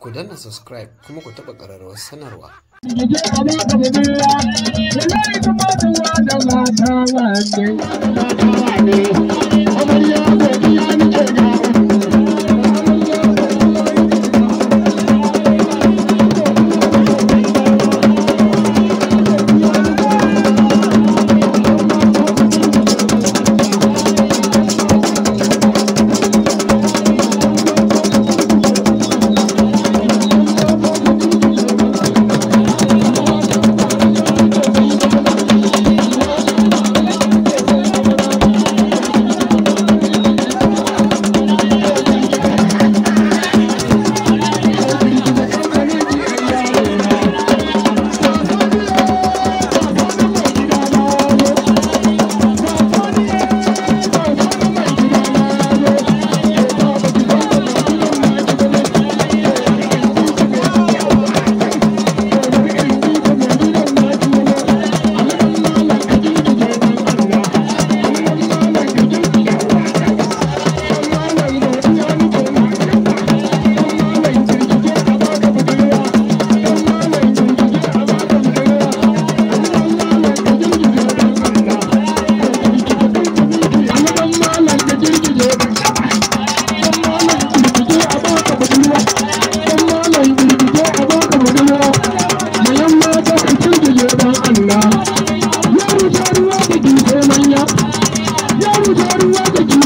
ku danna subscribe kuma ku taɓa ƙararrawar sanarwa. Thank you. Everybody at the